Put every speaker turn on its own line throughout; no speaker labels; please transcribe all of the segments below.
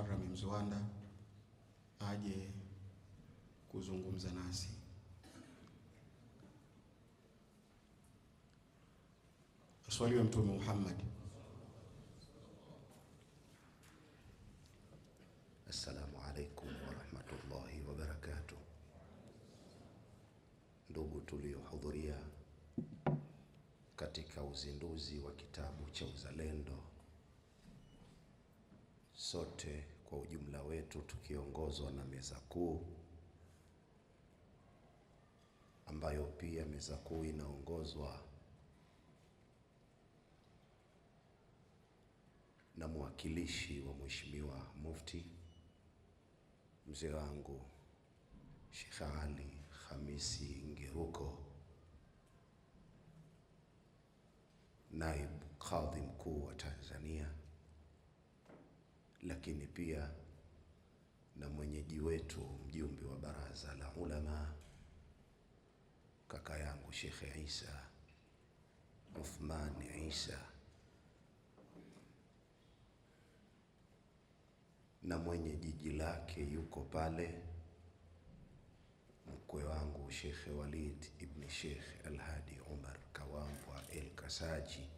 Muharram Mziwanda aje kuzungumza nasi. Swali ya Mtume Muhammad.
Assalamu alaikum warahmatullahi wabarakatuh. Ndugu tuliohudhuria katika uzinduzi wa kitabu cha Uzalendo, sote kwa ujumla wetu tukiongozwa na meza kuu ambayo pia meza kuu inaongozwa na mwakilishi wa Mheshimiwa Mufti mzee wangu Sheikh Ali Hamisi Ngeruko, naibu kadhi mkuu wa Tanzania lakini pia na mwenyeji wetu mjumbe wa baraza la ulama kaka yangu Shekhe Isa Uthman Isa na mwenye jiji lake yuko pale, mkwe wangu Shekhe Walid ibn Shekh Alhadi Umar Kawambwa El Kasaji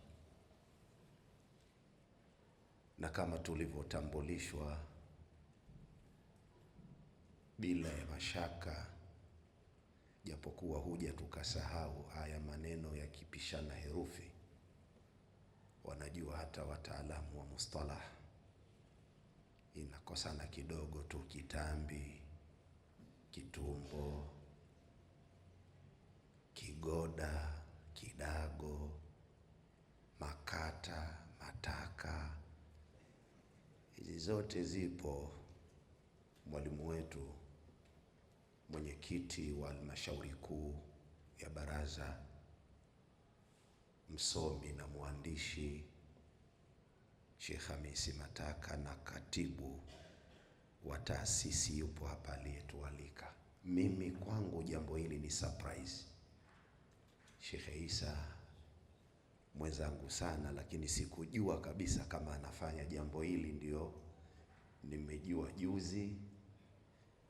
na kama tulivyotambulishwa bila ya mashaka, japokuwa huja tukasahau haya maneno yakipishana herufi, wanajua hata wataalamu wa mustalah, inakosana kidogo tu kitambi, kitumbo, kigoda, kidago, makata zote zipo. Mwalimu wetu mwenyekiti wa halmashauri kuu ya baraza, msomi na mwandishi Sheikh Hamisi Mataka na katibu wa taasisi yupo hapa aliyetualika. Mimi kwangu jambo hili ni surprise. Sheikh Isa mwenzangu sana, lakini sikujua kabisa kama anafanya jambo hili ndio nimejua juzi,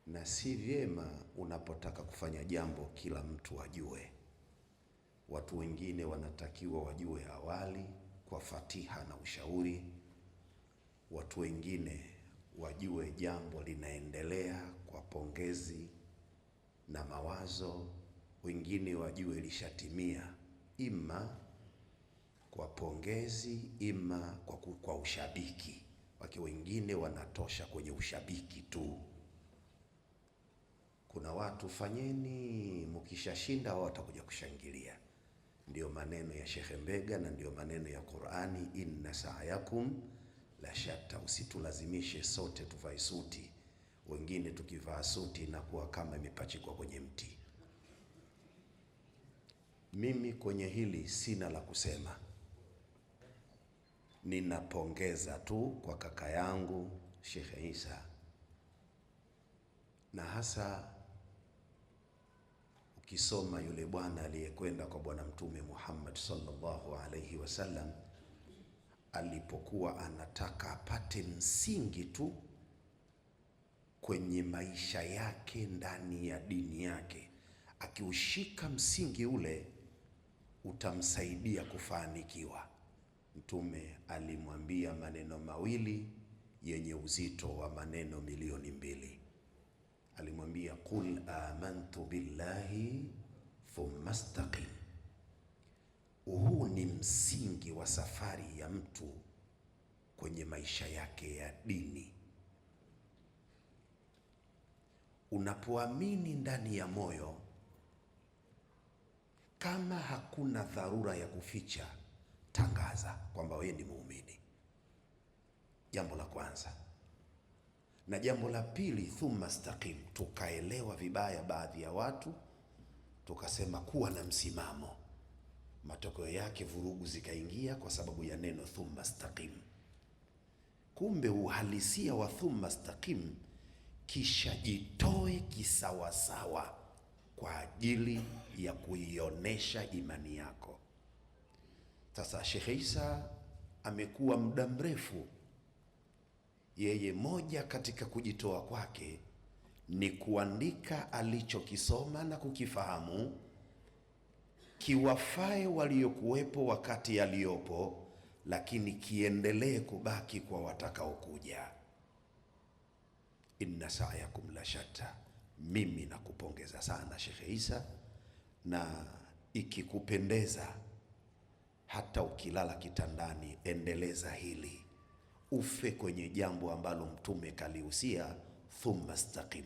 na si vyema unapotaka kufanya jambo kila mtu ajue. Watu wengine wanatakiwa wajue awali kwa fatiha na ushauri, watu wengine wajue jambo linaendelea kwa pongezi na mawazo, wengine wajue lishatimia, ima kwa pongezi, ima kwa, kwa ushabiki. Maki wengine wanatosha kwenye ushabiki tu. Kuna watu fanyeni, mkishashinda wao watakuja kushangilia. Ndiyo maneno ya Shekhe Mbega na ndiyo maneno ya Qur'ani, inna sa'yakum la shatta. Usitulazimishe sote tuvae suti, wengine tukivaa suti inakuwa kama imepachikwa kwenye mti. Mimi kwenye hili sina la kusema ninapongeza tu kwa kaka yangu Sheikh Isa na hasa ukisoma yule bwana aliyekwenda kwa Bwana Mtume Muhammad sallallahu alaihi wasallam alipokuwa anataka apate msingi tu kwenye maisha yake ndani ya dini yake, akiushika msingi ule utamsaidia kufanikiwa. Mtume alimwambia maneno mawili yenye uzito wa maneno milioni mbili. Alimwambia, qul amantu billahi thumma staqim. Huu ni msingi wa safari ya mtu kwenye maisha yake ya dini. Unapoamini ndani ya moyo, kama hakuna dharura ya kuficha tangaza kwamba wewe ni muumini. Jambo la kwanza. Na jambo la pili, thumma staqim, tukaelewa vibaya baadhi ya watu tukasema kuwa na msimamo. Matokeo yake vurugu zikaingia kwa sababu ya neno thumma staqim. Kumbe uhalisia wa thumma staqim, kisha jitoe kisawasawa kwa ajili ya kuionesha imani yako. Sasa Sheikh Isa amekuwa muda mrefu, yeye moja katika kujitoa kwake ni kuandika alichokisoma na kukifahamu kiwafae waliokuwepo wakati aliyopo lakini kiendelee kubaki kwa watakaokuja. Inna sa'yakum la shatta. Mimi nakupongeza sana Sheikh Isa, na ikikupendeza hata ukilala kitandani, endeleza hili, ufe kwenye jambo ambalo Mtume kalihusia, thumma staqim.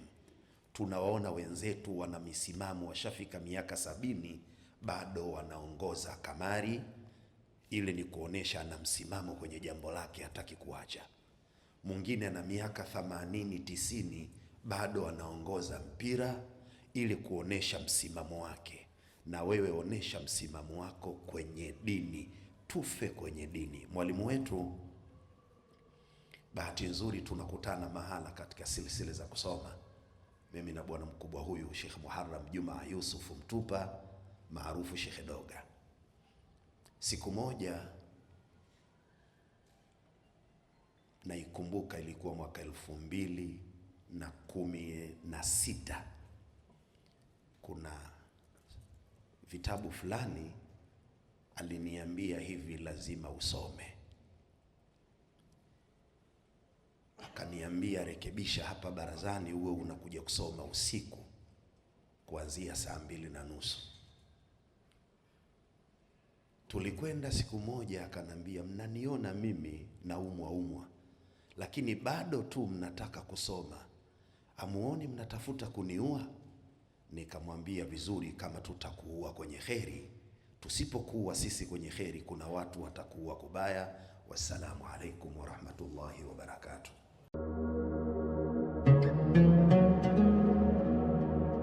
Tunawaona wenzetu wana misimamo, washafika miaka sabini bado wanaongoza kamari. Ile ni kuonesha ana msimamo kwenye jambo lake, hataki kuacha. Mwingine ana miaka thamanini tisini bado anaongoza mpira, ili kuonesha msimamo wake na wewe onesha msimamo wako kwenye dini, tufe kwenye dini. Mwalimu wetu, bahati nzuri tunakutana mahala katika silsili za kusoma, mimi na bwana mkubwa huyu Sheikh Muharram Juma Yusuf Mtupa maarufu Sheikh Doga. Siku moja naikumbuka, ilikuwa mwaka elfu mbili na kumi na sita kuna vitabu fulani aliniambia hivi, lazima usome. Akaniambia rekebisha hapa barazani, uwe unakuja kusoma usiku kuanzia saa mbili na nusu. Tulikwenda siku moja, akanambia mnaniona mimi naumwa umwa, lakini bado tu mnataka kusoma, amuoni mnatafuta kuniua? Nikamwambia vizuri, kama tutakuua kwenye kheri, tusipokuua sisi kwenye kheri, kuna watu watakuua kubaya. Wassalamu alaikum warahmatullahi wabarakatuh.